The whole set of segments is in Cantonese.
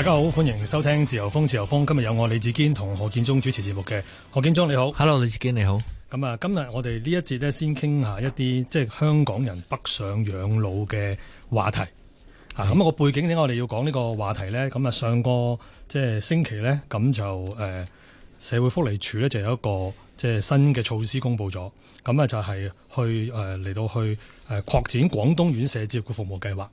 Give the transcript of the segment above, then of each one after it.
大家好，歡迎收聽自由風自由風，今日有我李志堅同何建忠主持節目嘅。何建忠你好，Hello 李志堅你好。咁啊，今日我哋呢一節咧，先傾下一啲即係香港人北上養老嘅話題。啊，咁個背景咧，點解，我哋要講呢個話題呢？咁啊上個即係星期呢，咁就誒社會福利署呢，就有一個即係新嘅措施公布咗，咁啊就係、是、去誒嚟到去誒擴展廣東院舍照顧服務計劃。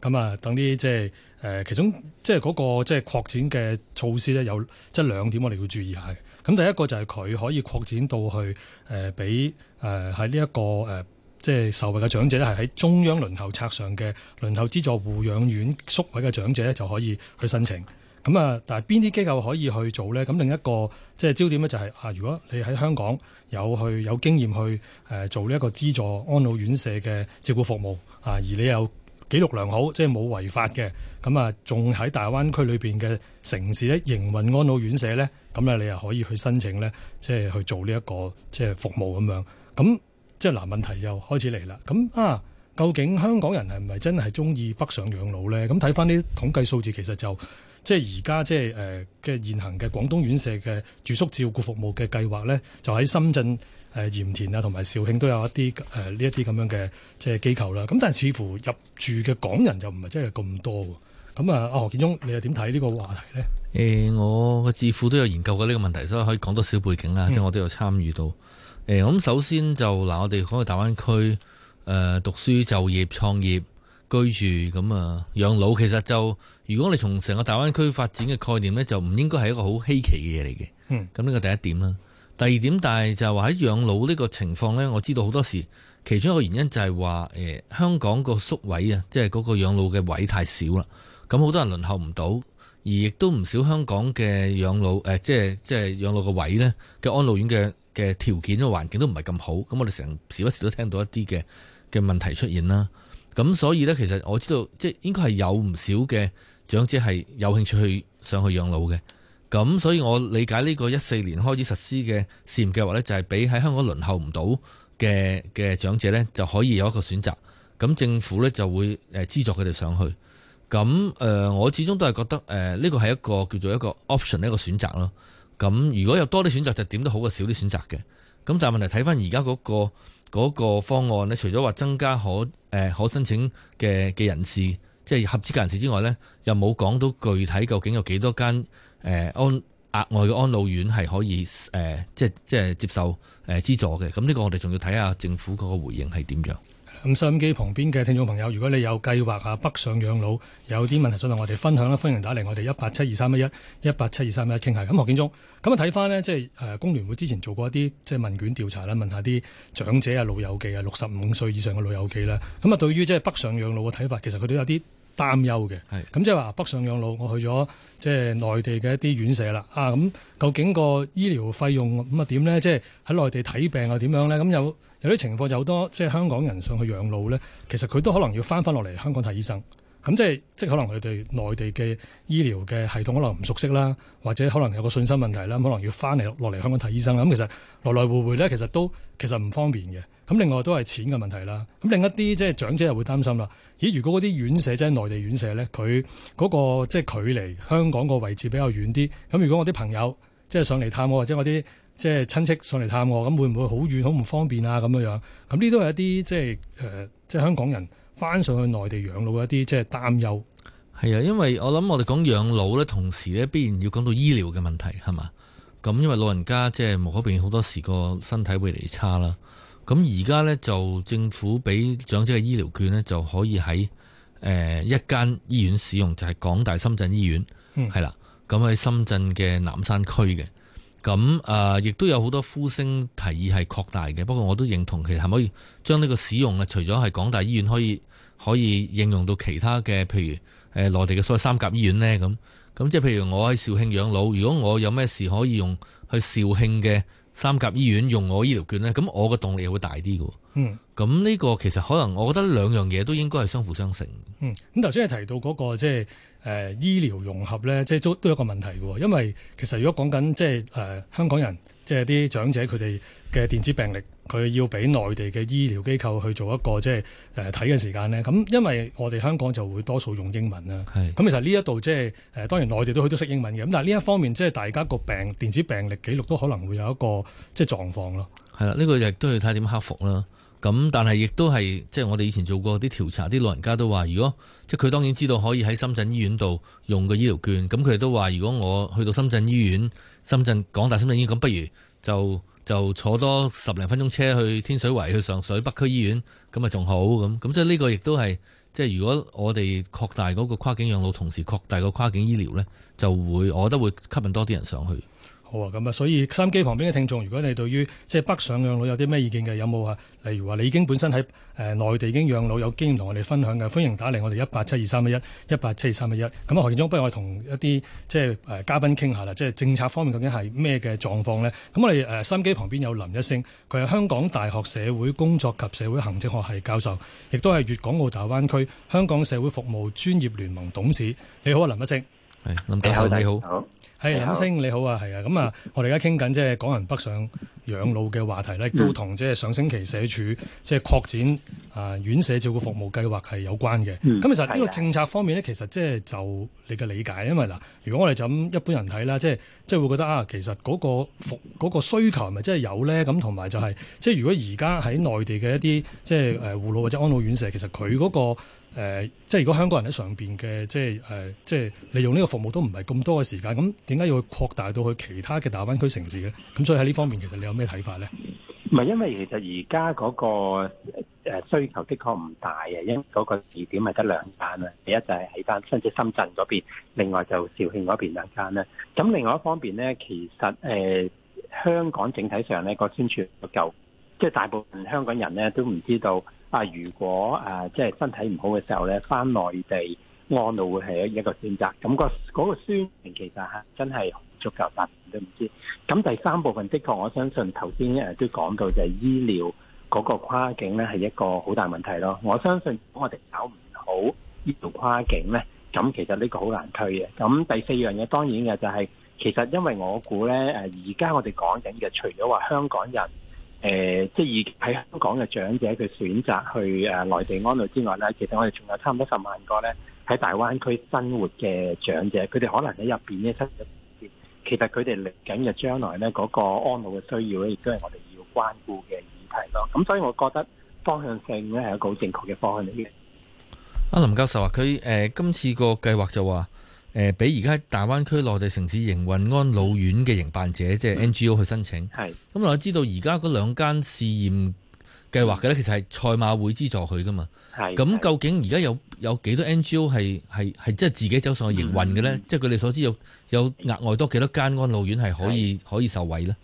咁啊，等啲即係誒其中，呃其中呃、即係、那、嗰個即係擴展嘅措施咧，有即係兩點我哋要注意下嘅。咁第一個就係佢可以擴展到去誒俾誒喺呢一個誒、呃、即係受惠嘅長者咧，係喺中央輪候冊上嘅輪候資助護養院宿位嘅長者咧，就可以去申請。咁啊，但係邊啲機構可以去做咧？咁另一個即係焦點咧、就是，就係啊，如果你喺香港有去有經驗去誒、呃、做呢一個資助安老院舍嘅照顧服務啊、呃，而你有。記錄良好，即係冇違法嘅，咁啊，仲喺大灣區裏面嘅城市咧，營運安老院舍咧，咁啊你又可以去申請咧，即係去做呢、這、一個即係服務咁樣。咁即係嗱問題又開始嚟啦。咁啊，究竟香港人係咪真係中意北上養老咧？咁睇翻啲統計數字，其實就即係而家即係誒嘅現行嘅廣東院舍嘅住宿照顧服務嘅計劃咧，就喺深圳。誒鹽田啊，同埋肇慶都有一啲誒呢一啲咁樣嘅即係機構啦。咁但係似乎入住嘅港人就唔係真係咁多嘅。咁啊，阿何建中，你又點睇呢個話題咧？誒、欸，我個智庫都有研究過呢個問題，所以可以講多少背景啦、嗯。即係我都有參與到。誒、欸，咁首先就嗱，我哋去大灣區誒、呃、讀書、就業、創業、居住咁啊，養老。其實就如果你從成個大灣區發展嘅概念咧，就唔應該係一個好稀奇嘅嘢嚟嘅。嗯。咁呢個第一點啦。第二點，但係就係話喺養老呢個情況呢，我知道好多時其中一個原因就係話香港個宿位啊，即係嗰個養老嘅位太少啦。咁好多人輪候唔到，而亦都唔少香港嘅養老即係即係養老嘅位呢，嘅安老院嘅嘅條件、個環境都唔係咁好。咁我哋成時不時都聽到一啲嘅嘅問題出現啦。咁所以呢，其實我知道即係應該係有唔少嘅長者係有興趣去上去養老嘅。咁所以，我理解呢個一四年開始實施嘅試驗計劃呢，就係俾喺香港輪候唔到嘅嘅長者呢，就可以有一個選擇。咁政府呢，就會誒資助佢哋上去。咁誒，我始終都係覺得誒呢個係一個叫做一個 option 一個選擇咯。咁如果有多啲選擇，就點都好過少啲選擇嘅。咁但係問題睇翻而家嗰個嗰個方案呢，除咗話增加可誒可申請嘅嘅人士，即係合資格人士之外呢，又冇講到具體究竟有幾多間。誒，額安額外嘅安老院係可以誒、呃，即係即係接受誒資、呃、助嘅。咁呢個我哋仲要睇下政府嗰個回應係點樣。咁收音機旁邊嘅聽眾朋友，如果你有計劃啊北上養老，有啲問題想同我哋分享咧，歡迎打嚟我哋一八七二三一一，一八七二三一傾下。咁何建忠，咁啊睇翻呢，即係誒工聯會之前做過一啲即係問卷調查啦，問下啲長者啊老友記啊六十五歲以上嘅老友記啦。咁啊對於即係北上養老嘅睇法，其實佢都有啲。擔憂嘅，咁即係話北上養老，我去咗即係內地嘅一啲院社啦，啊咁究竟個醫療費用咁啊點咧？即係喺內地睇病啊點樣咧？咁有有啲情況有好多即係、就是、香港人上去養老咧，其實佢都可能要翻翻落嚟香港睇醫生。咁即係即係可能佢哋對內地嘅醫療嘅系統可能唔熟悉啦，或者可能有個信心問題啦，可能要翻嚟落嚟香港睇醫生啦。咁其實來來回回咧，其實都其實唔方便嘅。咁另外都係錢嘅問題啦。咁另一啲即係長者又會擔心啦。咦？如果嗰啲院舍即係內地院舍咧，佢嗰個即係距離香港個位置比較遠啲，咁如果我啲朋友即係上嚟探我，或者我啲即係親戚上嚟探我，咁會唔會好遠好唔方便啊？咁樣樣，咁呢都係一啲即係誒，即係、呃、香港人。翻上去內地養老一啲，即係擔憂。係啊，因為我諗我哋講養老咧，同時咧必然要講到醫療嘅問題，係嘛？咁因為老人家即係無可避免好多時個身體會嚟差啦。咁而家呢，就政府俾長者嘅醫療券呢，就可以喺誒一間醫院使用，就係、是、港大深圳醫院，係、嗯、啦。咁喺深圳嘅南山區嘅。咁誒亦都有好多呼聲，提議係擴大嘅。不過我都認同，其實係可以將呢個使用啊，除咗係港大醫院可以可以應用到其他嘅，譬如誒內、呃、地嘅所謂三甲醫院咧。咁咁即係譬如我喺肇慶養老，如果我有咩事可以用去肇慶嘅三甲醫院用我醫療券咧，咁我嘅動力又會大啲嘅。嗯，咁呢個其實可能我覺得兩樣嘢都應該係相輔相成。嗯，咁頭先你提到嗰個即係誒醫療融合咧，即係都都一個問題喎。因為其實如果講緊即係誒香港人即係啲長者佢哋嘅電子病歷，佢要俾內地嘅醫療機構去做一個即係誒睇嘅時間咧。咁因為我哋香港就會多數用英文啦。係。咁其實呢一度即係誒當然內地都好多識英文嘅。咁但係呢一方面即係大家個病電子病歷記錄都可能會有一個即係狀況咯。係啦，呢個亦都要睇點克服啦。咁，但係亦都係，即係我哋以前做過啲調查，啲老人家都話，如果即係佢當然知道可以喺深圳醫院度用個醫療券，咁佢哋都話，如果我去到深圳醫院、深圳港大深圳醫院，咁不如就就坐多十零分鐘車去天水圍去上水北區醫院，咁咪仲好咁。咁即係呢個亦都係，即係如果我哋擴大嗰個跨境養老，同時擴大個跨境醫療呢，就會我覺得會吸引多啲人上去。好啊，咁啊，所以收音機旁邊嘅聽眾，如果你對於即係北上養老有啲咩意見嘅，有冇啊？例如話你已經本身喺誒內地已經養老，有經驗同我哋分享嘅，歡迎打嚟我哋一八七二三一一一八七二三一一。咁啊，何建中不如我同一啲即係誒嘉賓傾下啦，即係政策方面究竟係咩嘅狀況呢？咁我哋誒收音機旁邊有林一星，佢係香港大學社會工作及社會行政學系教授，亦都係粵港澳大灣區香港社會服務專業聯盟董事。你好啊，林一星。係，林教授你好。係、hey, 林一星你好啊，係啊，咁、嗯、啊，嗯、我哋而家傾緊即係港人北上養老嘅話題咧，亦都同即係上星期社署即係擴展啊、呃、院舍照顧服務計劃係有關嘅。咁、嗯、其實呢個政策方面咧，其實即係就是、你嘅理解，因為嗱，如果我哋就咁一般人睇啦，即係即係會覺得啊，其實嗰個服嗰、嗰個需求係咪真係有咧？咁同埋就係即係如果而家喺內地嘅一啲即係誒護老或者安老院舍，其實佢嗰、嗰個。誒、呃，即係如果香港人喺上邊嘅，即係誒、呃，即係利用呢個服務都唔係咁多嘅時間，咁點解要去擴大到去其他嘅大灣區城市咧？咁所以喺呢方面，其實你有咩睇法咧？唔係因為其實而家嗰個需求的確唔大呀，因嗰個疑點係得兩間啦，第一就係喺翻甚至深圳嗰邊，另外就肇慶嗰邊兩間啦。咁另外一方面咧，其實誒、呃、香港整體上咧個宣傳唔夠，即、就、係、是、大部分香港人咧都唔知道。啊！如果誒即係身體唔好嘅時候咧，翻內地安老會係一一個選擇。咁、嗰個嗰宣傳其實係、啊、真係足夠發唔都唔知。咁第三部分，的確我相信頭先都講到就係醫療嗰個跨境咧係一個好大問題咯。我相信如果我哋搞唔好呢度跨境咧，咁其實呢個好難推嘅。咁第四樣嘢當然嘅就係、是、其實因為我估咧誒而家我哋講緊嘅，除咗話香港人。誒、呃，即係喺香港嘅長者，佢選擇去誒內、啊、地安老之外咧，其實我哋仲有差唔多十萬個咧喺大灣區生活嘅長者，佢哋可能喺入邊咧生咗，其實佢哋嚟緊嘅將來咧，嗰、那個安老嘅需要咧，亦都係我哋要關顧嘅議題咯。咁所以，我覺得方向性咧係一個好正確嘅方向嚟嘅。阿林教授話、啊：佢誒、呃、今次個計劃就話。誒、呃，俾而家大灣區內地城市營運安老院嘅營辦者，嗯、即係 NGO 去申請。係，咁、嗯、我知道而家嗰兩間試驗計劃嘅咧，其實係賽馬會資助佢噶嘛。係。咁、嗯、究竟而家有有幾多 NGO 係係係即係自己走上去營運嘅咧？即係佢哋所知有有額外多幾多間安老院係可以可以受惠咧？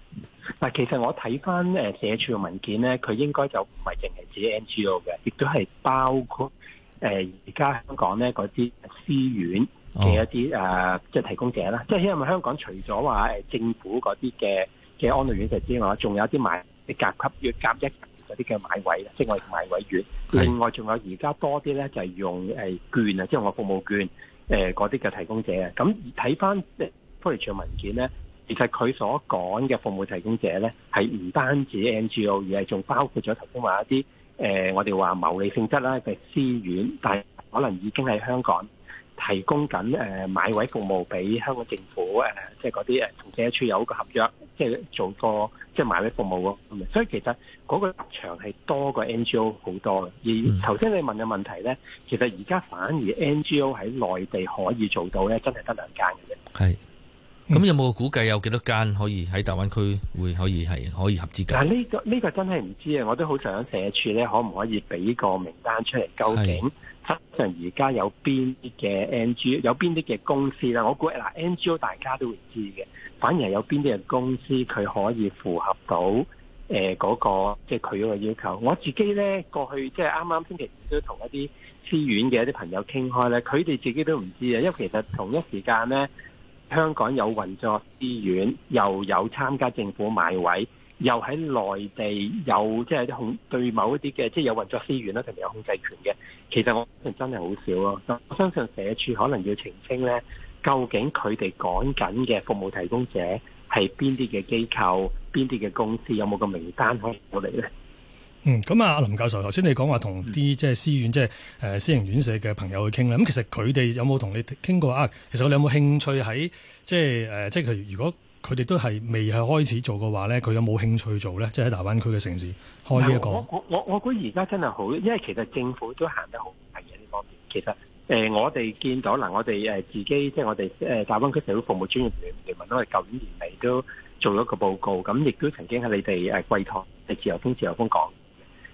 嗱，其實我睇翻誒社署嘅文件咧，佢應該就唔係淨係自己 NGO 嘅，亦都係包括誒而家香港呢嗰啲私院。嘅一啲誒，即係提供者啦，即係因為香港除咗話誒政府嗰啲嘅嘅安老院舍之外，仲有啲買啲甲級要甲一嗰啲嘅買位，即係我哋叫買位院。另外仲有而家多啲咧，就係用誒券啊，即係我服務券誒嗰啲嘅提供者啊。咁睇翻即係 Forage 文件咧，其實佢所講嘅服務提供者咧，係唔單止 NGO，而係仲包括咗提供話一啲誒，我哋話牟利性質啦嘅私院，但係可能已經喺香港，提供緊誒、呃、買位服務俾香港政府誒、啊，即係嗰啲誒同社署有一個合約，即係做個即係買位服務咯。所以其實嗰個場係多過 NGO 好多嘅。而頭先你問嘅問題咧，嗯、其實而家反而 NGO 喺內地可以做到咧，真係得兩間嘅啫。係。咁有冇估計有幾多間可以喺大灣區會可以係可以合資格？嗱、呢個，呢個呢個真係唔知啊！我都好想社署咧，可唔可以俾個名單出嚟？究竟？即而家有邊啲嘅 NG，有邊啲嘅公司？我估嗱 NGO 大家都會知嘅，反而有邊啲嘅公司佢可以符合到誒嗰、呃那個即係佢個要求。我自己咧過去即係啱啱星期五都同一啲私院嘅一啲朋友傾開咧，佢哋自己都唔知啊，因為其實同一時間咧，香港有運作私院，又有參加政府買位。又喺內地有即係控對某一啲嘅即係有運作私院啦，同埋有控制權嘅。其實我真係好少咯。我相信社署可能要澄清咧，究竟佢哋講緊嘅服務提供者係邊啲嘅機構、邊啲嘅公司，有冇個名單可以攞嚟咧？嗯，咁啊，林教授頭先你講話同啲即係私院，嗯、即係誒私營院舍嘅朋友去傾啦。咁其實佢哋有冇同你傾過啊？其實你有冇興趣喺即係誒，即係如果。佢哋都係未係開始做嘅話咧，佢有冇興趣做咧？即係喺大灣區嘅城市開呢、這、一個。No，我我我估而家真係好，因為其實政府都行得好快嘅呢方面。其實誒、呃，我哋見到嗱、呃，我哋誒自己即係我哋誒大灣區社會服務專業聯盟，因為舊年年尾都做咗個報告，咁亦都曾經係你哋誒貴台，係自由風自由風講。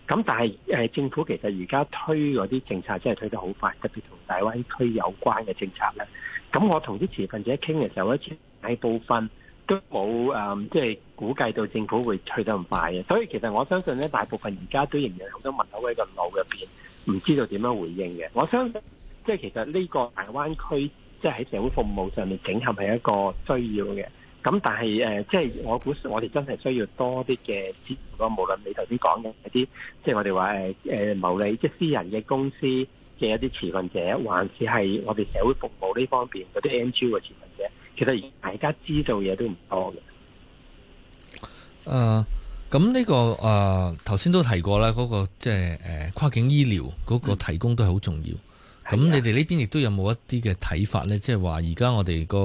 咁但係誒、呃、政府其實而家推嗰啲政策真係推得好快，特別同大灣區有關嘅政策咧。咁我同啲持份者傾嘅時候，一次大部分都冇誒，即係估計到政府會推得咁快嘅，所以其實我相信咧，大部分而家都仍然有好多問號喺個腦入邊，唔知道點樣回應嘅。我相信即係其實呢個大灣區即係喺社會服務上面整合係一個需要嘅。咁但係誒，即係我估我哋真係需要多啲嘅支援囉，無論你頭先講嘅一啲，即係我哋話誒誒牟利，即係私人嘅公司嘅一啲持份者，還是係我哋社會服務呢方面嗰啲 NGO 嘅持份者。其實大家知道嘢都唔多嘅。誒、呃，咁呢、呢個誒，頭先都提過啦，嗰、嗯嗰個即係誒跨境醫療嗰個提供都係好重要。咁、嗯、你哋呢邊亦都有冇一啲嘅睇法呢？嗯、即係話而家我哋個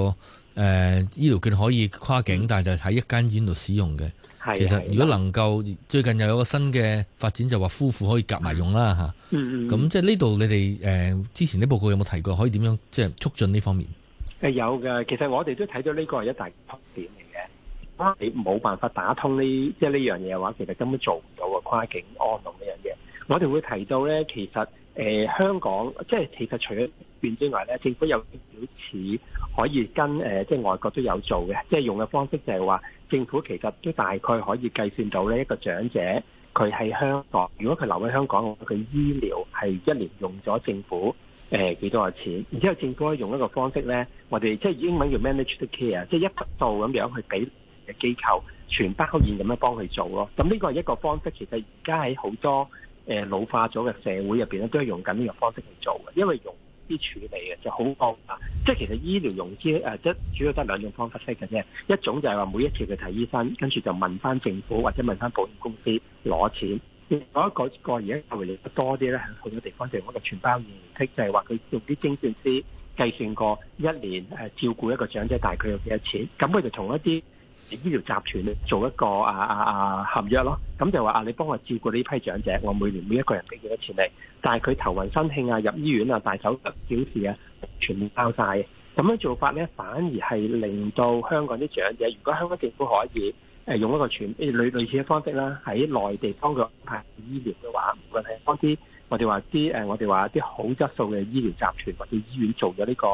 誒醫療券可以跨境，嗯、但係就喺一間醫院度使用嘅。其實如果能夠、嗯、最近又有一個新嘅發展，就話、係、夫婦可以夾埋用啦吓。咁、嗯嗯、即係呢度你哋誒、呃、之前啲報告有冇提過？可以點樣即係促進呢方面？誒有嘅，其實我哋都睇到呢個係一大通點嚟嘅。你冇辦法打通呢，即係呢樣嘢嘅話，其實根本做唔到個跨境安老呢樣嘢。我哋會提到咧，其實誒、呃、香港即係其實除咗變之外咧，政府有少少可以跟誒、呃、即係外國都有做嘅，即係用嘅方式就係話政府其實都大概可以計算到呢一個長者佢喺香港，如果佢留喺香港，佢醫療係一年用咗政府。誒，幾多嘅錢？然之後政府可以用一個方式咧，我哋即係英文叫 manage the care，即係一筆到咁樣去俾嘅機構全包現咁樣幫佢做咯。咁呢個係一個方式。其實而家喺好多誒老化咗嘅社會入面咧，都係用緊呢個方式去做嘅，因為融啲處理嘅就好高啊。即係其實醫療融資誒，即主要得兩種方式嘅啫。一種就係話每一次去睇醫生，跟住就問翻政府或者問翻保險公司攞錢。我嗰個而家回嚟多啲咧，係好多地方做一個全包預測，就係話佢用啲精算師計算過一年誒，照顧一個長者大概有幾多錢，咁佢就同一啲醫療集團做一個啊啊啊合約咯，咁就話啊，你幫我照顧呢批長者，我每年每一個人俾幾多錢你，但係佢頭暈身慶啊入醫院啊大手術小事啊全包晒。咁樣做法咧，反而係令到香港啲長者，如果香港政府可以。誒用一個全類類似嘅方式啦，喺內地幫佢安排醫療嘅話，無論係幫啲我哋話啲誒，我哋話啲好質素嘅醫療集團或者醫院做咗呢個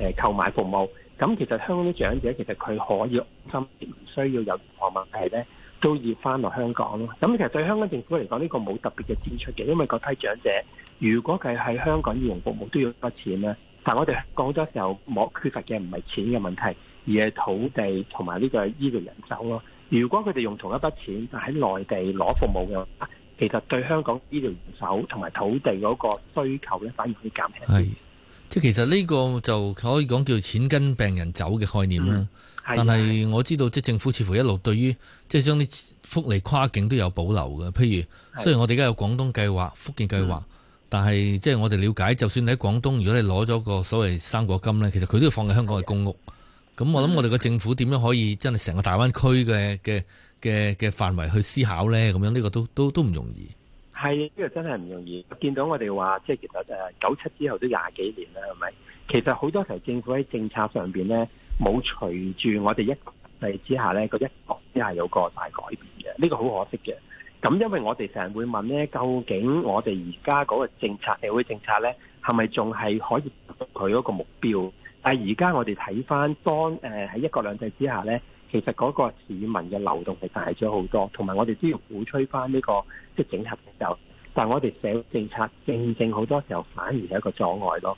誒購買服務，咁其實香港啲長者其實佢可以安心，唔需要有任何問題咧，都要翻落香港咯。咁其實對香港政府嚟講，呢個冇特別嘅支出嘅，因為各批長者如果佢喺香港要用服務都要筆錢咧，但係我哋講咗嘅時候冇缺乏嘅唔係錢嘅問題，而係土地同埋呢個醫療人手咯。如果佢哋用同一筆錢，但喺內地攞服務嘅話，其實對香港醫療人手同埋土地嗰個需求咧，反而可以減輕。係，即係其實呢個就可以講叫錢跟病人走嘅概念啦。嗯、但係我知道即政府似乎一路對於即係將啲福利跨境都有保留嘅。譬如雖然我哋而家有廣東計劃、福建計劃，嗯、但係即係我哋了解，就算你喺廣東，如果你攞咗個所謂生果金咧，其實佢都要放喺香港嘅公屋。咁我諗我哋個，個、就是、個政府點樣可以真係成個大灣區嘅嘅嘅嘅範圍去思考咧？咁樣呢個都都都唔容易。係呢個真係唔容易。見到我哋話即係其實誒九七之後都廿幾年啦，係咪？其實好多時候政府喺政策上邊咧，冇隨住我哋一制之下咧，個一國之下有個大改變嘅。呢、這個好可惜嘅。咁因為我哋成日會問咧，究竟我哋而家嗰個政策、社會政策咧，係咪仲係可以達到佢嗰個目標？但係而家我哋睇翻，當誒喺一國兩制之下咧，其實嗰個市民嘅流動係大咗好多，同埋我哋都要鼓吹翻、這、呢個即係、就是、整合嘅時候。但係我哋社會政策正正好多時候反而係一個障礙咯。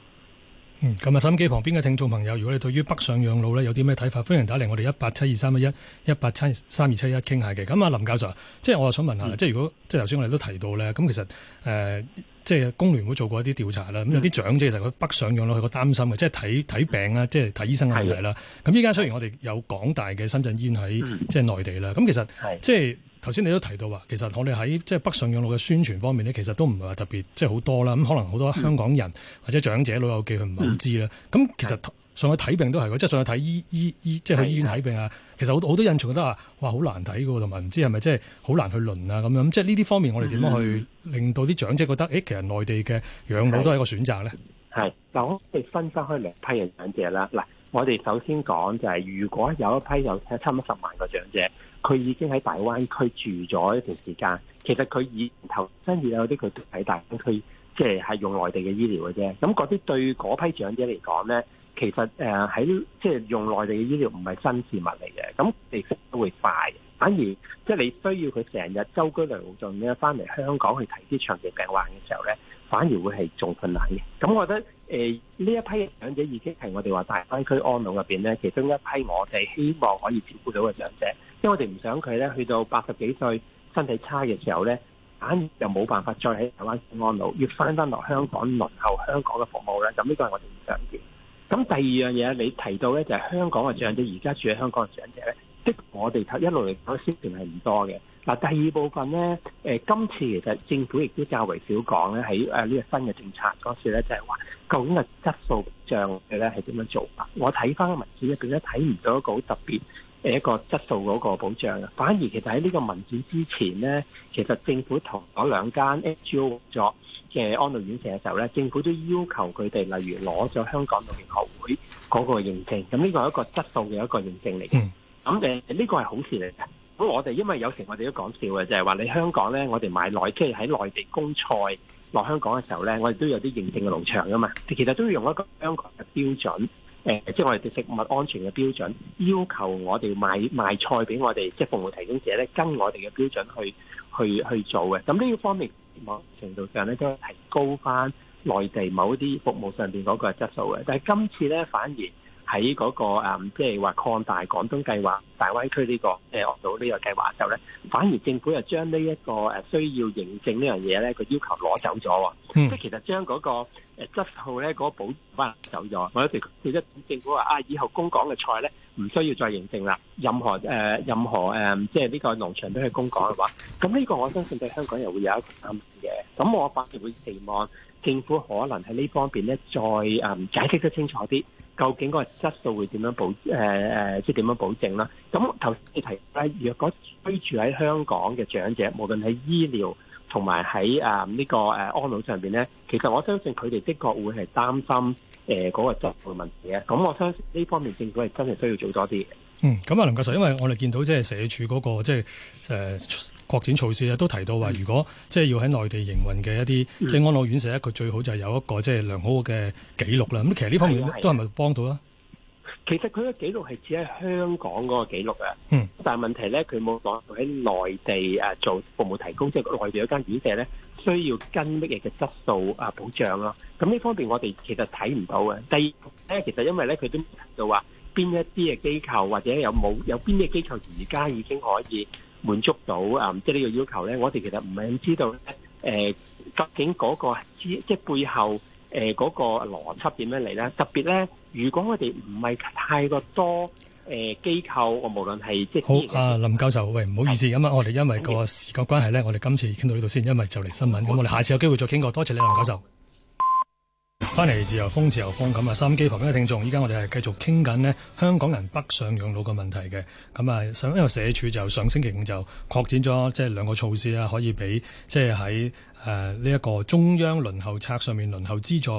嗯，咁啊收音機旁邊嘅聽眾朋友，如果你對於北上養老咧有啲咩睇法？歡迎打嚟我哋一八七二三一一一八七三二七一傾下嘅。咁啊，林教授，即係我又想問下啦、嗯，即係如果即係頭先我哋都提到咧，咁其實誒。呃即係工聯會做過一啲調查啦，咁有啲長者其實佢北上養老佢個擔心嘅，即係睇睇病啦，即係睇醫生問題啦。咁依家雖然我哋有港大嘅深圳醫院喺即係內地啦，咁、嗯、其實即係頭先你都提到話，其實我哋喺即係北上養老嘅宣傳方面呢，其實都唔係話特別即係好多啦。咁可能好多香港人、嗯、或者長者老友記佢唔係好知啦。咁、嗯、其實。上去睇病都係，即係上去睇醫醫醫，即係、就是、去醫院睇病啊！其實好多好多印象覺得話，哇，好難睇嘅，同埋唔知係咪即係好難去輪啊咁樣。即係呢啲方面，我哋點樣去令到啲長者覺得，誒，其實內地嘅養老都係一個選擇咧。係，嗱，我哋分開兩批嘅長者啦。嗱，我哋首先講就係、是，如果有一批有差唔多十萬個長者，佢已經喺大灣區住咗一段時間，其實佢以前頭真有啲佢喺大灣區，即係係用內地嘅醫療嘅啫。咁嗰啲對嗰批長者嚟講咧。其實誒喺即係用內地嘅醫療唔係新事物嚟嘅，咁利息都會快嘅。反而即係、就是、你需要佢成日周居良澳中咧，翻嚟香港去睇啲長期病患嘅時候咧，反而會係仲困難嘅。咁我覺得誒呢、呃、一批嘅長者已經係我哋話大灣區安老入邊咧，其中一批我哋希望可以照顧到嘅長者，因、就、為、是、我哋唔想佢咧去到八十幾歲身體差嘅時候咧，反而又冇辦法再喺大灣安老，要翻返落香港輪候香港嘅服務咧。咁呢個係我哋唔想見嘅。咁第二樣嘢，你提到咧就係香港嘅長者，而家住喺香港嘅長者咧，即我哋睇一路嚟睇消停係唔多嘅。嗱，第二部分咧，今次其實政府亦都較為少講咧喺呢個新嘅政策嗰時咧，就係話究竟嘅質素保障嘅咧係點樣做法？我睇翻個文件入邊咧睇唔到一個好特別一個質素嗰個保障，反而其實喺呢個文件之前咧，其實政府同嗰兩間 NGO 合作。嘅安老院舍嘅時候咧，政府都要求佢哋，例如攞咗香港老年學會嗰個認證，咁呢個係一個質素嘅一個認證嚟嘅。咁誒，呢個係好事嚟嘅。咁我哋因為有時我哋都講笑嘅，就係話你香港咧，我哋買內，即喺內地供菜落香港嘅時候咧，我哋都有啲認證嘅農場噶嘛。其實都要用一個香港嘅標準，誒，即係我哋嘅食物安全嘅標準，要求我哋買賣菜俾我哋，即係服務提供者咧，跟我哋嘅標準去去去做嘅。咁呢個方面。某程度上咧，都係提高翻內地某啲服務上邊嗰個質素嘅。但係今次咧，反而喺嗰、嗰個即係話擴大廣東計劃大灣區呢、呢個誒到呢個計劃之後咧，反而政府又將呢一個誒需要認證個東西呢樣嘢咧，佢要求攞走咗喎。即、嗯、係其實將嗰、嗰個。質素咧嗰、嗰個保翻走咗，或者政府話啊，以後供港嘅菜咧唔需要再認證啦，任何誒、呃、任何、呃、即係呢個農場都係供港嘅話，咁呢個我相信對香港人會有一啲擔心嘅。咁我反而會期望政府可能喺呢方面咧再、嗯、解析得清楚啲，究竟嗰個質素會點樣保誒誒、呃，即係點樣保證啦？咁頭先你提咧，若果居住喺香港嘅長者，無論喺醫療。同埋喺呢個安老上面咧，其實我相信佢哋的確會係擔心嗰、呃嗰個質素嘅問題啊。咁我相信呢方面政府係真係需要做多啲。嗯，咁、嗯、啊林教授，因為我哋見到即係社署嗰、嗰個即係誒擴展措施都提到話如果即係要喺內地營運嘅一啲即係安老院舍，咧，佢最好就係有一個即係良好嘅記錄啦。咁其實呢方面都係咪幫到啊？其實佢嘅記錄係只喺香港嗰個記錄啊，但係問題咧，佢冇講喺內地誒做服務提供，即係內地嗰間院舍咧，需要跟乜嘢嘅質素啊保障咯。咁呢方面我哋其實睇唔到嘅。第二咧，其實因為咧，佢都就話邊一啲嘅機構或者有冇有邊啲機構而家已經可以滿足到啊，即係呢個要求咧，我哋其實唔係咁知道咧。誒，究竟嗰個之即係背後？誒、呃、嗰、那個邏輯點樣嚟咧？特別咧，如果我哋唔係太過多誒、呃、機構，我無論係即係好啊，林教授，喂，唔好意思，咁 啊，我哋因為個時間關係咧，我哋今次傾到呢度先，因為就嚟新聞，咁 我哋下次有機會再傾過。多謝你，林教授。 翻嚟自由風自由風咁啊！收音機旁邊嘅聽眾，依家我哋係繼續傾緊呢香港人北上養老嘅問題嘅。咁啊，上因為社署就上星期五就擴展咗即係兩個措施啊，可以俾即係喺呢一個中央輪候冊上面輪候資助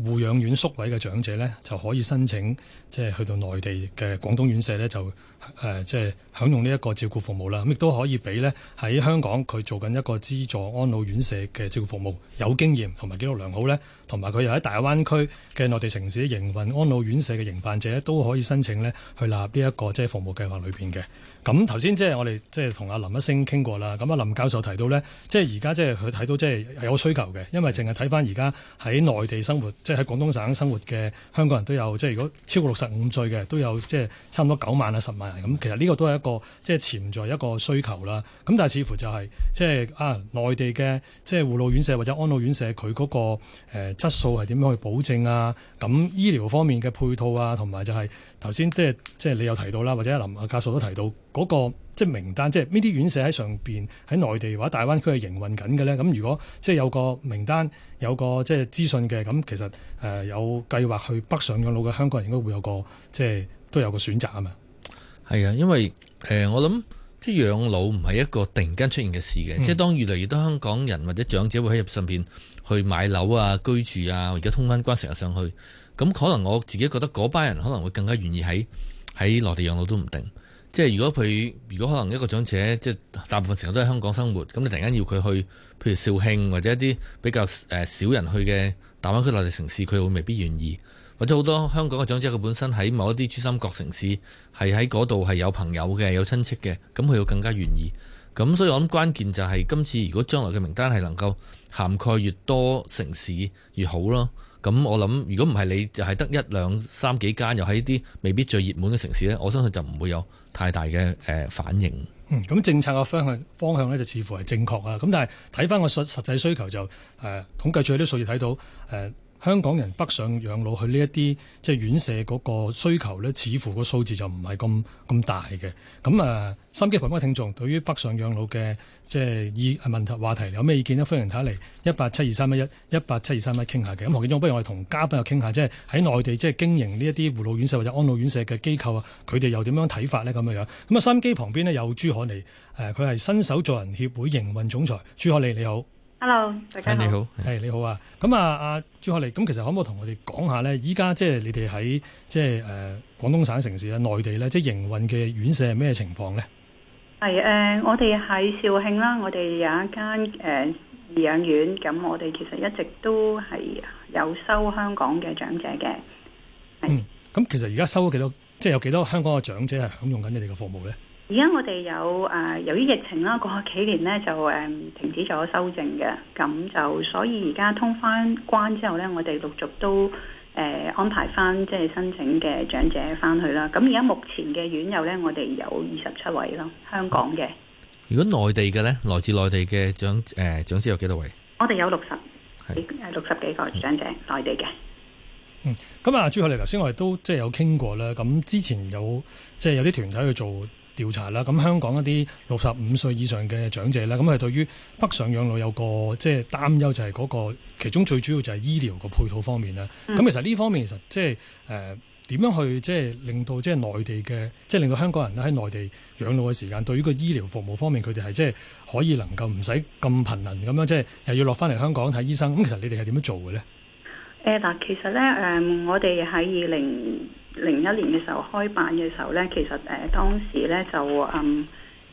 護養院宿位嘅長者呢，就可以申請即係去到內地嘅廣東院舍呢，就。誒，即係享用呢一個照顧服務啦。咁亦都可以俾呢，喺香港佢做緊一個資助安老院舍嘅照顧服務有經驗同埋記錄良好呢，同埋佢又喺大灣區嘅內地城市營運安老院舍嘅營辦者，都可以申請呢去納入呢一個即係服務計劃裏面嘅。咁頭先即係我哋即係同阿林一星傾過啦。咁阿林教授提到呢，即係而家即係佢睇到即係有需求嘅，因為淨係睇翻而家喺內地生活，即係喺廣東省生活嘅香港人都有，即係如果超過六十五歲嘅都有，即係差唔多九萬啊十萬。咁其實呢個都係一個即係潛在一個需求啦。咁但係似乎就係即係啊，內地嘅即係護老院舍或者安老院舍，佢嗰個誒質素係點樣去保證啊？咁醫療方面嘅配套啊，同埋就係頭先即係即係你有提到啦，或者阿林阿教授都提到嗰個即係名單，即係呢啲院舍喺上邊喺內地或者大灣區係營運緊嘅咧。咁如果即係有個名單有個即係資訊嘅，咁其實誒有計劃去北上養老嘅香港人應該會有個即係都有個選擇啊嘛。係啊，因為誒、呃，我諗啲養老唔係一個突然間出現嘅事嘅，即、嗯、係當越嚟越多香港人或者長者會喺入上面去買樓啊、嗯、居住啊，而家通關關成日上去，咁可能我自己覺得嗰班人可能會更加願意喺喺內地養老都唔定，即係如果佢如果可能一個長者即係大部分時候都喺香港生活，咁你突然間要佢去，譬如肇慶或者一啲比較誒少人去嘅大灣區內地城市，佢會未必願意。或者好多香港嘅長者，佢本身喺某一啲珠三角城市，係喺嗰度係有朋友嘅、有親戚嘅，咁佢又更加願意。咁所以我諗關鍵就係今次如果將來嘅名單係能夠涵蓋越多城市越好咯。咁我諗如果唔係你，就係得一兩三幾間，又喺啲未必最熱門嘅城市呢，我相信就唔會有太大嘅誒反應。嗯，咁政策嘅方向方向呢就似乎係正確啊。咁但係睇翻個實實際需求就誒、呃，統計最近啲數字睇到誒。呃香港人北上養老去呢一啲即係院舍嗰個需求呢，似乎個數字就唔係咁咁大嘅。咁啊，心機旁邊嘅聽眾對於北上養老嘅即係意問題話題有咩意見咧？歡迎睇嚟一八七二三一一八七二三一傾下嘅。咁何建中，不如我哋同嘉賓又傾下，即係喺內地即係、就是、經營呢一啲護老院舍或者安老院舍嘅機構啊，佢哋又點樣睇法呢？咁樣樣咁啊，心機旁邊呢，有朱可您，誒佢係伸手助人協會營運總裁，朱可您你好。hello，大家好。係、hey, 你好，係、hey, 你好啊！咁啊，阿朱學利，咁其實可唔可以同我哋講下咧？依家即係你哋喺即係誒廣東省城市啊，內地咧，即係營運嘅院舍係咩情況咧？係誒，我哋喺肇慶啦，我哋有一間誒養院，咁我哋其實一直都係有收香港嘅長者嘅。嗯，咁其實而家收咗幾多？即係有幾多香港嘅長者係享用緊你哋嘅服務咧？而家我哋有誒、呃，由於疫情啦，過去幾年咧就誒、嗯、停止咗修正嘅，咁就所以而家通翻關之後咧，我哋陸續都誒、呃、安排翻即係申請嘅長者翻去啦。咁而家目前嘅院友咧，我哋有二十七位咯，香港嘅。如果內地嘅咧，來自內地嘅長誒、呃、長者有幾多位？我哋有六十，係六十幾個長者內地嘅。嗯，咁啊朱海，你頭先我哋都即係有傾過啦。咁之前有即係、就是、有啲團體去做調查啦，咁香港一啲六十五歲以上嘅長者啦，咁係對於北上養老有個即係、就係、擔憂就係、嗰個，就係嗰個其中最主要就係醫療嘅配套方面咧。咁、嗯、其實呢方面其實即係誒點樣去即係令到即係內地嘅，即係令到香港人咧喺內地養老嘅時間，對於個醫療服務方面，佢哋係即係可以能夠唔使咁頻能。咁樣，即係又要落翻嚟香港睇醫生。咁其實你哋係點樣做嘅咧？誒、呃，但其實咧，誒、呃，我哋喺二零零一年嘅時候開辦嘅時候呢，其實誒當時呢就誒、嗯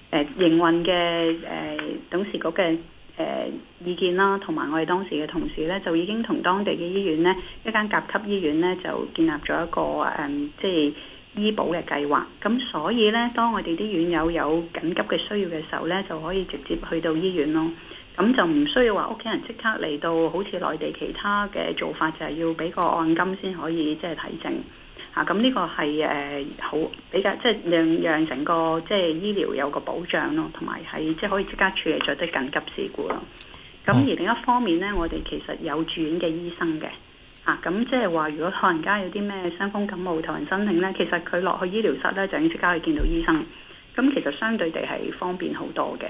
啊、營運嘅誒、啊、董事局嘅誒、啊、意見啦，同埋我哋當時嘅同事呢，就已經同當地嘅醫院呢，一間甲級醫院呢，就建立咗一個誒即係醫保嘅計劃。咁所以呢，當我哋啲院友有緊急嘅需要嘅時候呢，就可以直接去到醫院咯。咁就唔需要話屋企人即刻嚟到，好似內地其他嘅做法，就係、是、要俾個按金先可以即係睇症。就是啊，咁、這、呢個係誒好比較，即係讓讓整個即係醫療有個保障咯，同埋係即係可以即刻處理咗啲緊急事故咯。咁、啊啊、而另一方面咧，我哋其實有住院嘅醫生嘅，啊，咁即係話如果老人家有啲咩傷風感冒、頭暈身㷫咧，其實佢落去醫療室咧就已經即刻可以見到醫生，咁其實相對地係方便好多嘅。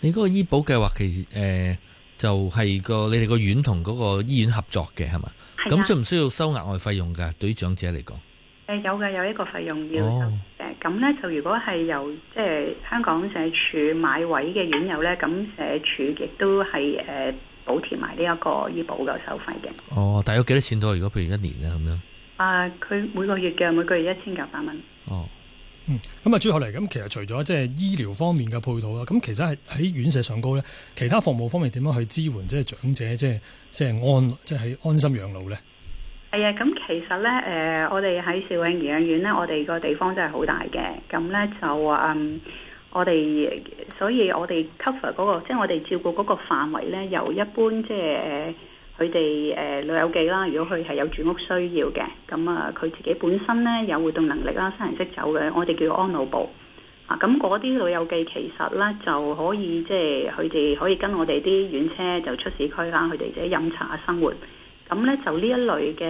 你嗰個醫保計劃其誒？呃就係、是、個你哋個院同嗰個醫院合作嘅係嘛？咁需唔需要收額外費用噶？對於長者嚟講，誒、呃、有嘅有一個費用要誒，咁、哦、咧就如果係由即係、就是、香港社署買位嘅院友咧，咁社署亦都係誒補貼埋呢一個醫保嘅收費嘅。哦，大約幾多錢到？如果譬如一年咧咁樣？啊，佢每個月嘅每個月一千九百蚊。哦。嗯，咁啊，最後嚟咁，其實除咗即係醫療方面嘅配套啦，咁其實係喺院舍上高咧，其他服務方面點樣去支援即係長者，即係即係安，即係安心養老咧？係啊，咁其實咧，誒、呃，我哋喺肇慶怡養院咧，我哋個地方真係好大嘅，咁咧就嗯，我哋，所以我哋 cover 嗰、那個，即係我哋照顧嗰個範圍咧，由一般即係。佢哋誒老友記啦，如果佢係有住屋需要嘅，咁啊佢自己本身咧有活動能力啦，新人識走嘅，我哋叫安老部啊。咁嗰啲老友記其實咧就可以，即係佢哋可以跟我哋啲遠車就出市區啦，佢哋自己飲茶生活。咁咧就呢一類嘅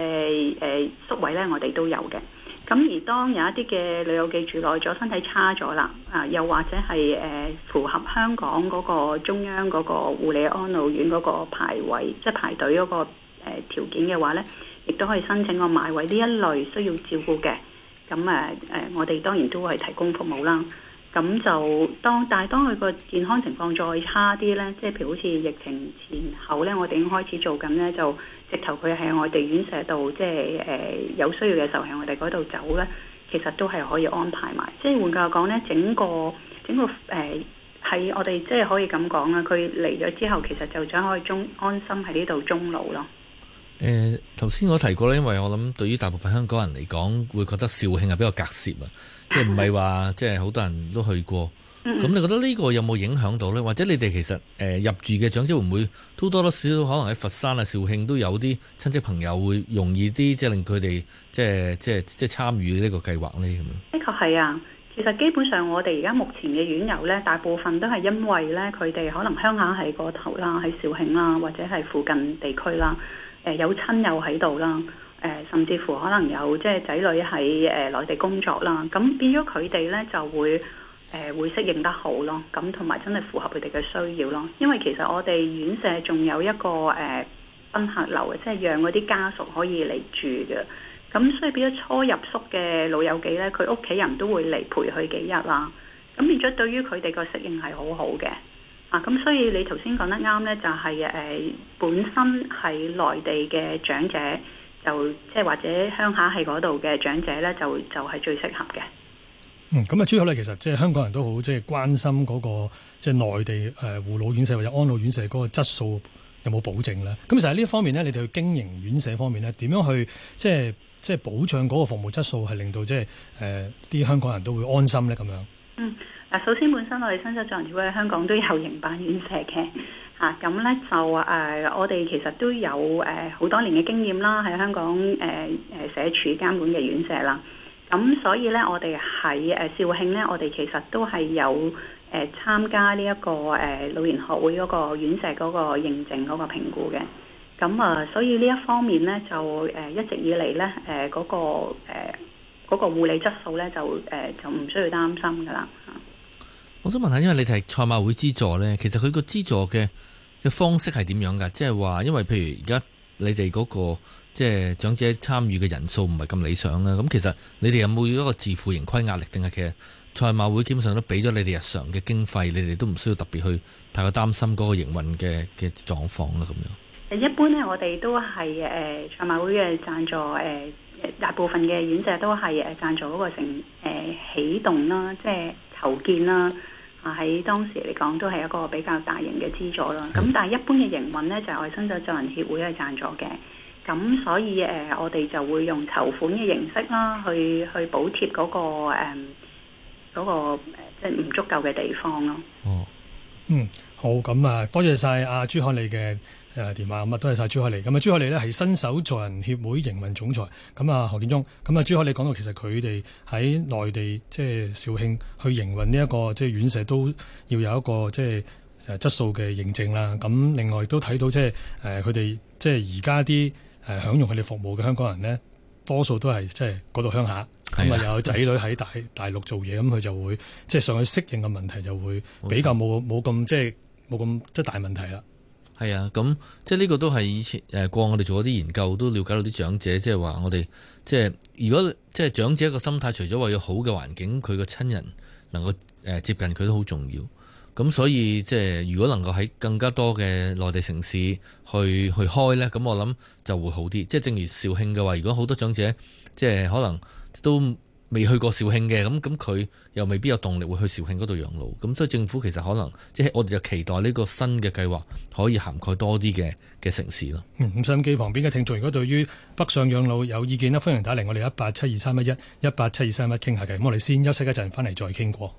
誒、呃、宿位咧，我哋都有嘅。咁而當有一啲嘅旅遊記住耐咗，身體差咗啦，啊又或者係、呃、符合香港嗰個中央嗰個護理安老院嗰個排位，即係排隊嗰、嗰個、呃、條件嘅話咧，亦都可以申請個買位呢一類需要照顧嘅。咁、啊呃、我哋當然都會提供服務啦。咁就當但係當佢個健康情況再差啲咧，即係譬如好似疫情前後咧，我哋已經開始做緊咧就。直頭佢喺我哋院舍度，即係誒有需要嘅就喺我哋嗰度走咧，其實都係可以安排埋。即係換句話講咧，整個整個誒喺、呃、我哋即係可以咁講啦。佢嚟咗之後，其實就想可以中安心喺呢度中老咯。誒、呃，頭先我提過咧，因為我諗對於大部分香港人嚟講，會覺得肇慶係比較隔涉啊，即係唔係話即係好多人都去過。咁、嗯嗯、你覺得呢個有冇影響到呢？或者你哋其實誒、呃、入住嘅長者會唔會都多多少少可能喺佛山啊、肇慶都有啲親戚朋友會容易啲，即係令佢哋即係即係即係參與呢個計劃呢？咁樣的確係啊，其實基本上我哋而家目前嘅院友呢，大部分都係因為呢，佢哋可能鄉下喺個頭啦，喺肇慶啦，或者係附近地區啦，誒、呃、有親友喺度啦，誒、呃、甚至乎可能有即係仔女喺誒內地工作啦，咁、呃、變咗佢哋呢，就會。誒會適應得好咯，咁同埋真係符合佢哋嘅需要咯。因為其實我哋院舍仲有一個誒、呃、賓客樓嘅，即係讓嗰啲家屬可以嚟住嘅。咁所以變咗初入宿嘅老友記咧，佢屋企人都會嚟陪佢幾日啦。咁變咗對於佢哋個適應係好好嘅。啊，咁所以你頭先講得啱咧，就係、是、誒、呃、本身係內地嘅長者，就即係或者鄉下喺嗰度嘅長者咧，就就係、是、最適合嘅。嗯，咁啊，最後咧，其實即係香港人都好即係關心嗰、那個即係、就是、內地誒、呃、護老院舍或者安老院舍嗰個質素有冇保證咧？咁其實喺呢一方面咧，你哋去經營院舍方面咧，點樣去即係即係保障嗰個服務質素係令到即係誒啲香港人都會安心咧咁樣？嗯，嗱，首先本身我哋伸手助人協會喺香港都有營辦院舍嘅，嚇咁咧就誒、呃、我哋其實都有誒好、呃、多年嘅經驗啦，喺香港誒誒社署監管嘅院舍啦。咁所以呢，我哋喺誒肇慶呢，我哋其實都係有誒、呃、參加呢、這、一個誒、呃、老年學會嗰個院舍嗰個認證嗰個評估嘅。咁啊、呃，所以呢一方面呢，就誒、呃、一直以嚟呢，誒、呃、嗰、那個誒嗰、呃那個、護理質素呢，就誒、呃、就唔需要擔心噶啦。我想問下，因為你哋係賽馬會資助呢，其實佢個資助嘅嘅方式係點樣噶？即係話，因為譬如而家你哋嗰、那個。即係長者參與嘅人數唔係咁理想啦。咁其實你哋有冇一個自負盈虧壓力？定係其實賽馬會基本上都俾咗你哋日常嘅經費，你哋都唔需要特別去太過擔心嗰個營運嘅嘅狀況啦。咁樣一般呢，我哋都係誒賽馬會嘅贊助誒、呃，大部分嘅院舍都係誒贊助嗰個成誒、呃、起動啦，即係籌建啦。啊喺當時嚟講，都係一個比較大型嘅資助啦。咁但係一般嘅營運呢，就係伸手助人協會係贊助嘅。咁所以誒，我哋就會用籌款嘅形式啦，去去補貼嗰、那個誒嗰、嗯，那個即係唔足夠嘅地方咯。哦，嗯，好，咁啊，多謝晒，阿朱海利嘅誒電話，咁啊，多謝晒，朱海利。咁啊，朱海利呢係伸手助人協會營運總裁。咁啊，何建忠。咁啊，朱海利講到其實佢哋喺內地即係肇慶去營運呢、這、一個即係、就是、院舍，都要有一個即係、就是、質素嘅認證啦。咁另外都睇到即係誒，佢哋即係而家啲。誒享用佢哋服務嘅香港人咧，多數都係即係嗰度鄉下咁啊，有仔女喺大大陸做嘢。咁、嗯、佢就會即係、就是、上去適應嘅問題，就會比較冇冇咁即係冇咁即係大問題啦。係啊，咁即係呢個都係以前誒過我哋做一啲研究都了解到啲長者，即係話我哋即係如果即係長者一個心態，除咗話要好嘅環境，佢個親人能夠誒接近佢都好重要。咁所以即係如果能夠喺更加多嘅內地城市去去開呢，咁我諗就會好啲。即係正如肇慶嘅話，如果好多長者即係可能都未去過肇慶嘅，咁咁佢又未必有動力會去肇慶嗰度養老。咁所以政府其實可能即係我哋就期待呢個新嘅計劃可以涵蓋多啲嘅嘅城市咯。嗯，收音機旁邊嘅聽眾，如果對於北上養老有意見咧，歡迎打嚟我哋一八七二三一一、一八七二三一傾下偈。咁我哋先休息一陣，翻嚟再傾過。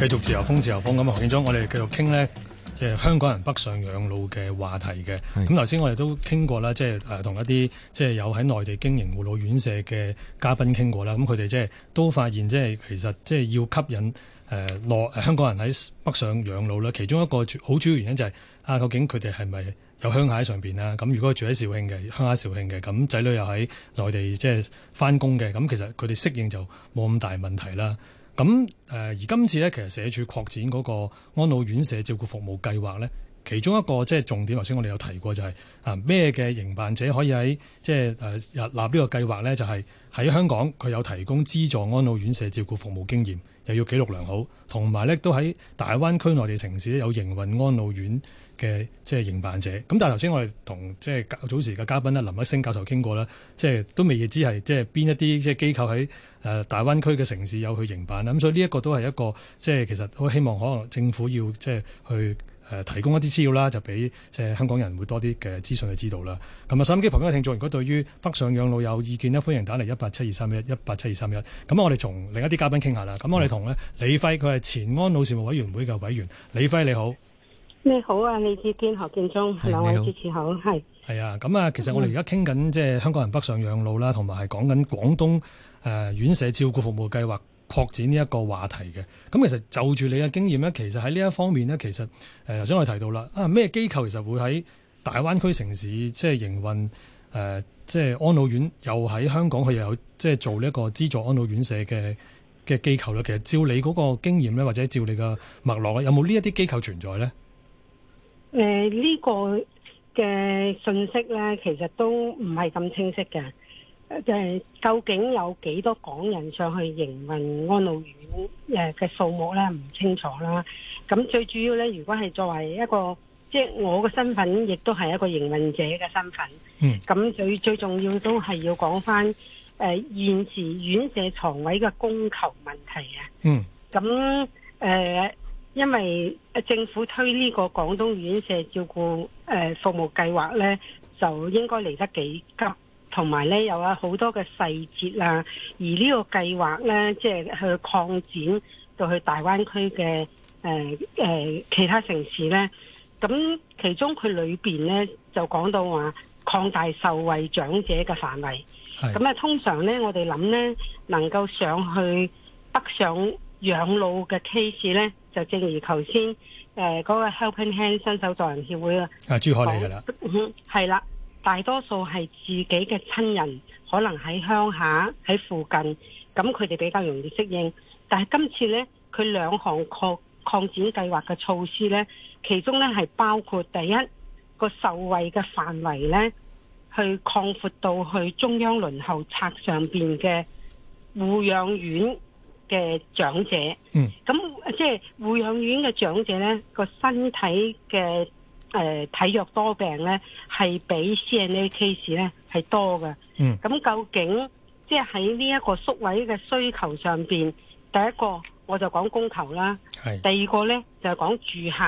繼續自由風自由風，咁何建中，我哋繼續傾呢，即係香港人北上養老嘅話題嘅。咁頭先我哋都傾過啦，即係同一啲即係有喺內地經營護老院舍嘅嘉賓傾過啦。咁佢哋即係都發現即係其實即係要吸引誒香港人喺北上養老啦。其中一個好主要原因就係、係、啊，究竟佢哋係咪有鄉下喺上面啊？咁如果住喺肇慶嘅鄉下肇慶嘅，咁仔女又喺內地即係翻工嘅，咁其實佢哋適應就冇咁大問題啦。咁誒，而今次咧，其實社署擴展嗰個安老院舍照顧服務計劃咧。其中一個即係重點，頭先我哋有提過，就是，就係啊咩嘅營辦者可以喺即係誒入立呢個計劃呢？就係、是，喺香港佢有提供資助安老院舍照顧服務經驗，又要記錄良好，同埋呢都喺大灣區內地城市有營運安老院嘅即係營辦者。咁但係頭先我哋同即係早時嘅嘉賓咧林一星教授傾過啦，即、就、係、是，都未知係即係邊一啲即係機構喺誒、呃、大灣區嘅城市有去營辦。咁所以呢一個都係一個即係其實好希望可能政府要即係、就是、去。誒提供一啲資料啦，就俾即係香港人會多啲嘅資訊去知道啦。咁啊，收音機旁邊嘅聽眾，如果對於北上養老有意見咧，歡迎打嚟一八七二三一一八七二三一。咁我哋從另一啲嘉賓傾下啦。咁我哋同呢，李輝，佢係前安老事務委員會嘅委員。李輝你好。你好啊，李志堅、何建忠兩位主持好，係係啊。咁啊，其實我哋而家傾緊即係香港人北上養老啦，同埋係講緊廣東誒院舍照顧服務計劃。擴展呢一個話題嘅，咁其實就住你嘅經驗咧，其實喺呢一方面咧，其實誒，呃、頭先我哋提到啦，啊咩機構其實會喺大灣區城市即係營運誒、呃，即係安老院，又喺香港佢又有即係做呢一個資助安老院社嘅嘅機構咧。其實照你嗰個經驗咧，或者照你嘅脈絡有冇呢一啲機構存在咧？誒、呃，這個、訊呢個嘅信息咧，其實都唔係咁清晰嘅。誒，究竟有幾多港人上去營運安老院嘅數目咧？唔清楚啦。咁最主要咧，如果係作為一個，即係我嘅身份，亦都係一個營運者嘅身份。嗯。咁最最重要都係要講翻，誒，現時院舍床位嘅供求問題啊。嗯。咁誒，因為政府推呢個廣東院舍照顧誒服務計劃咧，就應該嚟得幾急。同埋咧，有好多嘅細節啊，而呢個計劃咧，即係去擴展到去大灣區嘅誒其他城市咧。咁其中佢裏面咧，就講到話擴大受惠長者嘅範圍。咁啊，通常咧，我哋諗咧，能夠上去北上養老嘅 case 咧，就正如頭先誒嗰個 Helping Hand 伸手助人協會啊，啊，珠海嚟㗎啦，嗯，係啦。大多數係自己嘅親人，可能喺鄉下喺附近，咁佢哋比較容易適應。但係今次呢，佢兩項擴擴展計劃嘅措施呢，其中呢係包括第一個受惠嘅範圍呢，去擴闊到去中央輪候冊上面嘅護養院嘅長者。嗯，咁即係護養院嘅長者呢，個身體嘅。誒、呃，體弱多病咧，係比 CNA case 咧係多嘅。嗯，咁究竟即係喺呢一個宿位嘅需求上面，第一個我就講供求啦，第二個咧就係講住客。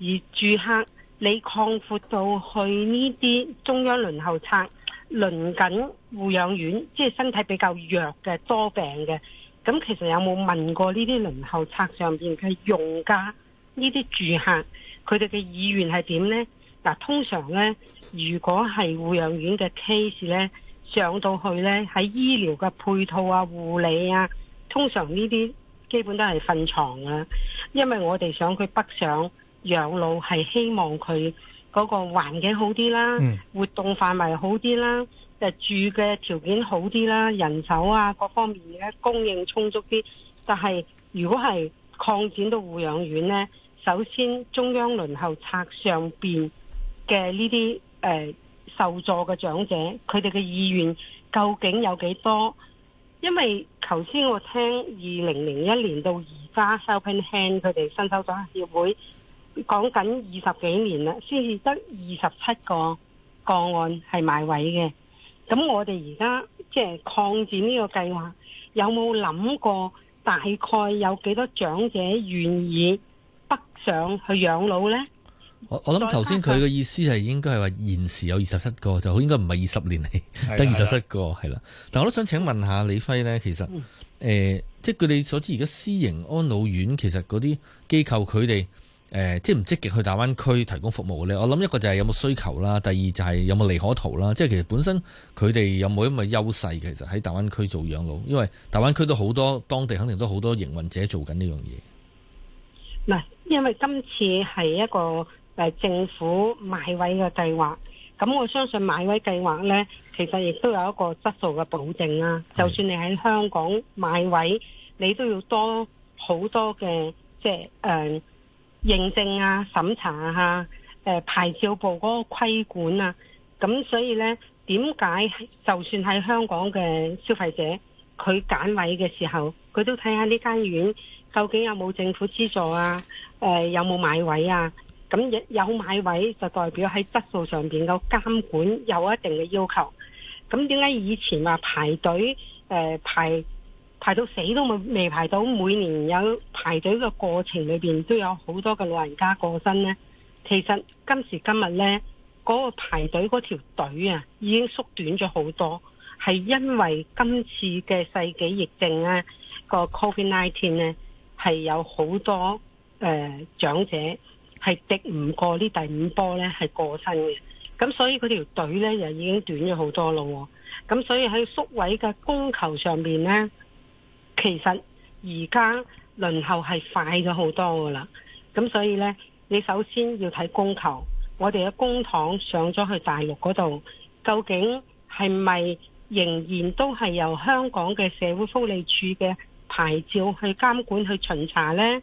而住客，你擴闊到去呢啲中央輪候冊，輪緊護養院，即係身體比較弱嘅多病嘅，咁其實有冇問過呢啲輪候冊上面嘅用家呢啲住客？佢哋嘅意願係點呢？嗱、啊，通常呢，如果係護養院嘅 case 呢，上到去呢，喺醫療嘅配套啊、護理啊，通常呢啲基本都係瞓床啊。因為我哋想佢北上養老，係希望佢嗰個環境好啲啦，活動範圍好啲啦，住嘅條件好啲啦，人手啊各方面呢，供應充足啲。但係如果係擴展到護養院呢。首先，中央輪候冊上邊嘅呢啲誒受助嘅長者，佢哋嘅意願究竟有幾多？因為頭先我聽二零零一年到而家 Helping Hand 佢哋伸手助人協會，講緊二十幾年啦，先至得二十七個個案係埋位嘅。咁我哋而家即係擴展呢個計劃，有冇諗過大概有幾多長者願意？北上去養老呢？我我諗頭先佢嘅意思係應該係話現時有二十七個，就應該唔係二十年嚟，得二十七個係啦。但我都想請問下李輝呢。其實誒、嗯呃，即係佢哋所知而家私營安老院，其實嗰啲機構佢哋誒，即係唔積極去大灣區提供服務呢。我諗一個就係有冇需求啦，第二就係有冇利可圖啦。即係其實本身佢哋有冇咁嘅優勢？其實喺大灣區做養老，因為大灣區都好多當地肯定都好多營運者做緊呢樣嘢，唔係？因為今次係一個誒政府買位嘅計劃，咁我相信買位計劃呢，其實亦都有一個質素嘅保證啦、啊。就算你喺香港買位，你都要多好多嘅即係誒、呃、認證啊、審查啊、呃、牌照部嗰個規管啊。咁所以呢，點解就算喺香港嘅消費者佢揀位嘅時候，佢都睇下呢間院究竟有冇政府資助啊？誒、呃，有冇買位啊？咁有買位就代表喺質素上邊個監管有一定嘅要求。咁點解以前話排隊誒排排到死都冇未排到，每年有排隊嘅過程裏邊都有好多嘅老人家過身呢？其實今時今日呢，嗰、那個排隊嗰條隊啊，已經縮短咗好多，係因為今次嘅世紀疫症咧、啊。個 Covid Nineteen 咧係有好多誒、呃、長者係敵唔過呢第五波咧係過身嘅，咁所以佢條隊咧又已經短咗好多咯。咁所以喺宿位嘅供求上面咧，其實而家輪候係快咗好多噶啦。咁所以咧，你首先要睇供求，我哋嘅公帑上咗去大陸嗰度，究竟係咪仍然都係由香港嘅社會福利署嘅？牌照去監管去巡查呢，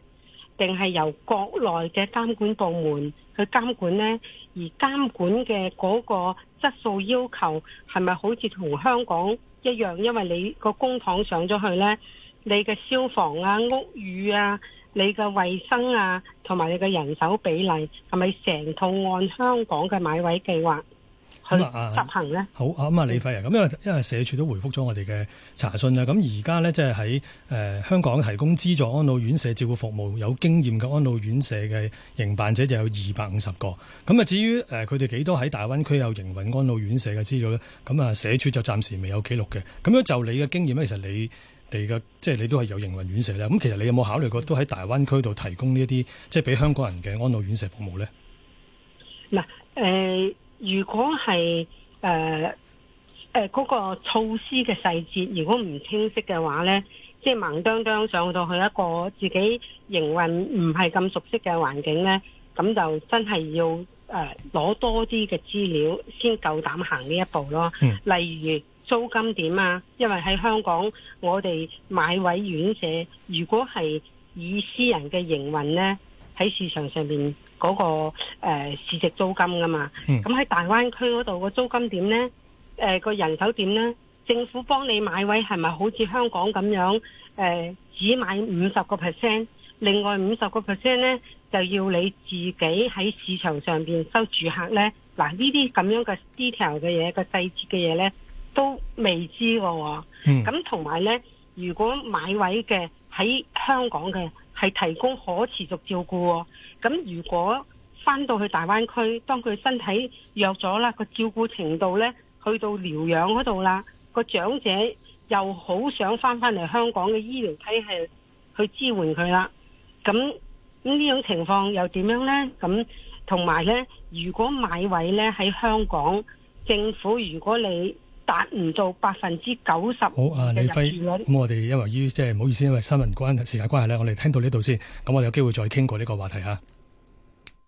定係由國內嘅監管部門去監管呢？而監管嘅嗰個質素要求係咪好似同香港一樣？因為你個公帑上咗去呢，你嘅消防啊、屋宇啊、你嘅衛生啊，同埋你嘅人手比例係咪成套按香港嘅買位計劃？咁啊，執行呢、嗯、好咁啊、嗯，李輝啊，咁因為因為社署都回覆咗我哋嘅查詢啊，咁而家呢，即係喺香港提供資助安老院舍照顧服務有經驗嘅安老院舍嘅營辦者就有二百五十個，咁啊至於佢哋幾多喺大灣區有營運安老院舍嘅資料呢？咁啊社署就暫時未有記錄嘅，咁樣就你嘅經驗呢？其實你哋嘅即係你都係有營運院舍咧，咁其實你有冇考慮過都喺大灣區度提供呢一啲即係俾香港人嘅安老院舍服務呢？嗱、嗯呃如果係誒誒嗰個措施嘅細節，如果唔清晰嘅話呢，即係盲噹噹上到去一個自己營運唔係咁熟悉嘅環境呢，咁就真係要誒攞、呃、多啲嘅資料先夠膽行呢一步咯、嗯。例如租金點啊，因為喺香港我哋買位院舍，如果係以私人嘅營運呢，喺市場上面。嗰、那個、呃、市值租金噶嘛，咁、嗯、喺大灣區嗰度個租金點呢？誒、呃、個人手點呢？政府幫你買位係咪好似香港咁樣？誒、呃、只買五十個 percent，另外五十個 percent 咧就要你自己喺市場上面收住客咧。嗱呢啲咁樣嘅 detail 嘅嘢、個細節嘅嘢咧都未知嘅喎、哦。咁同埋咧，如果買位嘅喺香港嘅。係提供可持續照顧。咁如果翻到去大灣區，當佢身體弱咗啦，個照顧程度呢，去到療養嗰度啦，個長者又好想翻翻嚟香港嘅醫療體系去支援佢啦。咁咁呢種情況又點樣呢？咁同埋呢，如果買位呢喺香港，政府，如果你達唔到百分之九十。好啊，李輝，咁我哋因為於，於即係唔好意思，因為新聞關時間關係咧，我哋聽到呢度先。咁我哋有機會再傾過呢個話題嚇。